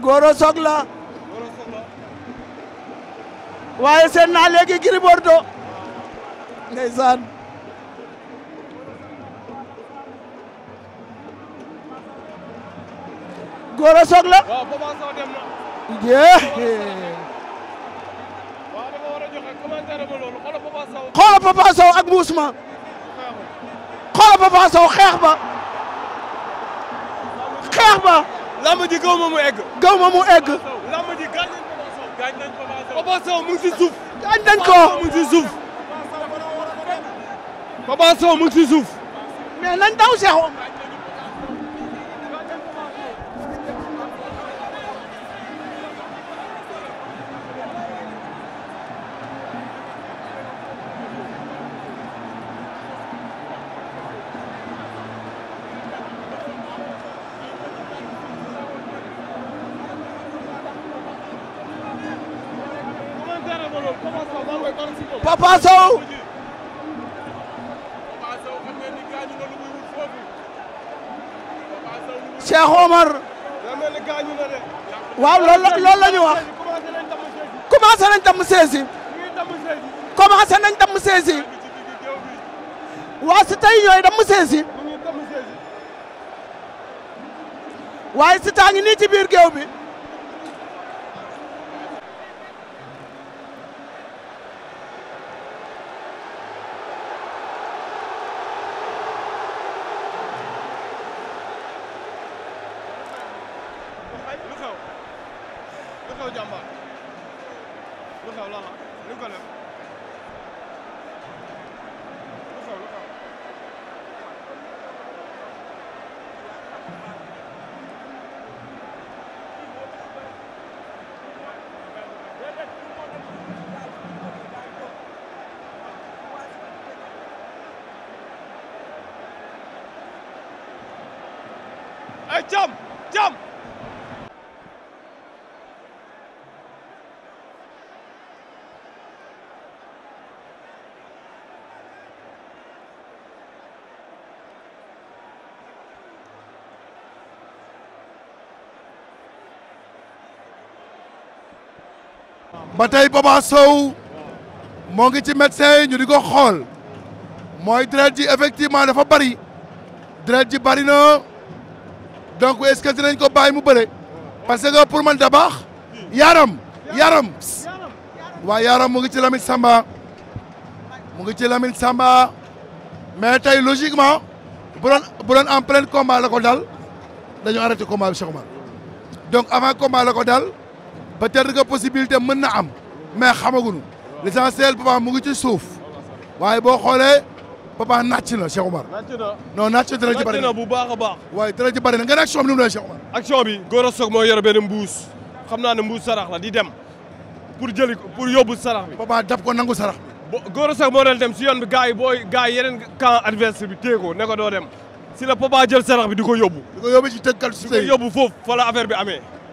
Goro Sock la waaye seen naa léegi Gris Bordeaux ndeysaan Goro Sock la jee xoolal Papa Sow ak Mouss ma xoolal Papa Sow xeex ba xeex ba lamb ji gaw ma mu egg. gaw ma mu egg. lamb ji gaañ nañ Papa Sow. gaañ nañ Papa Sow mu ngi si suuf. ko mu ngi Papa Sow mu ngi mais nañ daw Cheikh Papa Sow Cheikh Omar waaw loolu loolu la ñu wax commencé nañ tam saisi commencé nañ tam saisi waa si tey ñooy damm saisi waaye taa ngi nii ci biir géew bi Lukau. Lukau jambar. Lukau lala. Lukau lem. Lukau lukau. Hey, jump! Jump! ba tey Papa Sow moo ngi ci médecin yi ñu di ko xool mooy deret ji effectivement fa bari deret ji bari na donc est-ce que dinañ ko bàyyi mu bëre parce que pour man da baax yaram yaram waa yaram moo ngi ci Lamine Samba mu ngi ci Lamine Samba mais tey logiquement bu doon bu doon en plein combat ko dal dañu arrêté combat bi Cheikh donc avant combat la ko dal peut-être que possibilité mën na am mais xamaguñu l'essentiel papa mu ngi ci souf waye bo xolé papa nàcc na Cheikh Omar. nàcc na non nàcc dara ci bari na bu baaxa baax. waye dara ci bari na nga nak xom bi ni mu Cheikh Omar. ak xom bi goro sok mo moo yor benn mbuus xam ne mbuus sarax la di dem pour jëli pour yóbbu sarax bi. papa dab ko nangu sarax goro sok mo dal dem ci yoon bi gaay boy gaay yenen kan adversaire bi teego ne ko do dem si la papa jël sarax bi diko ko yóbbu. di yóbbu ci tëggal ci sey diko yóbbu foofu fa la affaire bi amé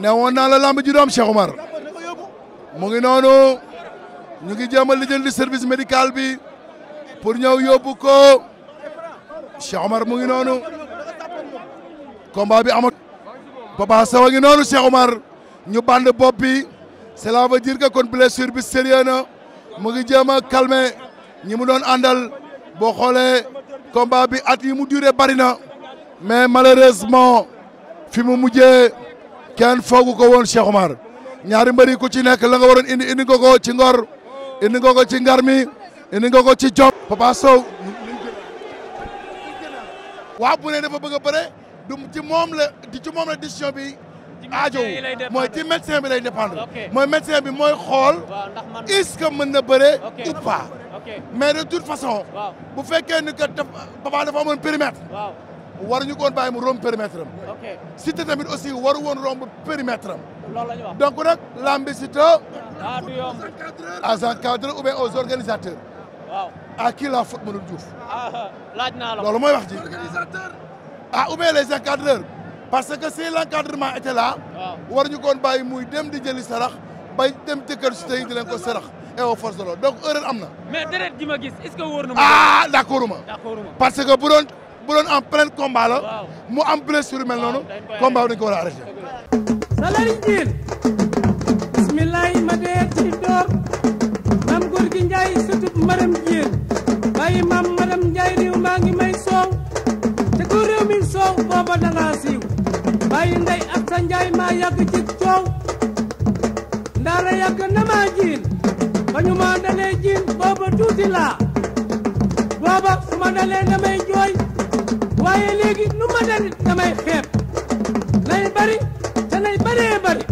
ne woon naa la lamb ji doom Cheikh Omar mu ngi noonu ñu ngi jéem a lijjanti service médical bi pour ñëw yóbbu ko Cheikh Omar mu ngi noonu combat bi amat Papa Sow a ngi noonu Cheikh Omar ñu band bopp bi cela veut dire que kon blessure bi sérieux na mu ngi jéem a ñi mu doon àndal boo xoolee combat bi at yi mu duré bari na mais malheureusement fi mu mujjee. kenn foogu ko woon Cheikh ñaari mbëri ku ci nekk la nga waroon indi indi nga ko ci ngor indi nga ko ci ngar mi indi nga ko ci jom Papa Sow waaw bu ne dafa bëgg a bëre du ci moom la di ci moom la décision bi aajowu mooy ci médecin bi lay dépendre mooy médecin bi mooy xool est-ce mën na bëre ou pas mais de toute façon bu fekkee ni que Papa dafa amoon périmètre waruñu ko woon bàyyi mu romb périmètre am. ok Siteu tamit aussi waru woon romb périmètre am. loolu la ñu wax donc nag lambi Siteu. ah du yomb aux encadreurs ou bien aux organisateurs. Ah, laaj naa la loolu mooy wax ji. ah ou bien les encadreurs. parce que si l' encadrement était là. waaw waruñu ko woon bàyyi muy dem di jëli sarax bay dem jëkkër Siteu yi di leen ko sarax. et au force de l'ordre donc am na. mais deret gi ma na. ah ma. parce que bu bu doon en plein combat mu am blessure noonu combat bi dañ salari jiin bismillahi ma dee ci door mam góor gi njaay sutub maram jiin bàyyi mam maram njaay réew maa ngi may soow te ko réew mi soow booba dangaa siiw bàyyi ndey ak sa njaay maa yàgg ci coow ndaara yàgg na maa jiin ba ñu ma jiin booba tuuti booba su ma dalee damay jooy waaye léegi nu ma dal damay xeeb nay bari nay baree bari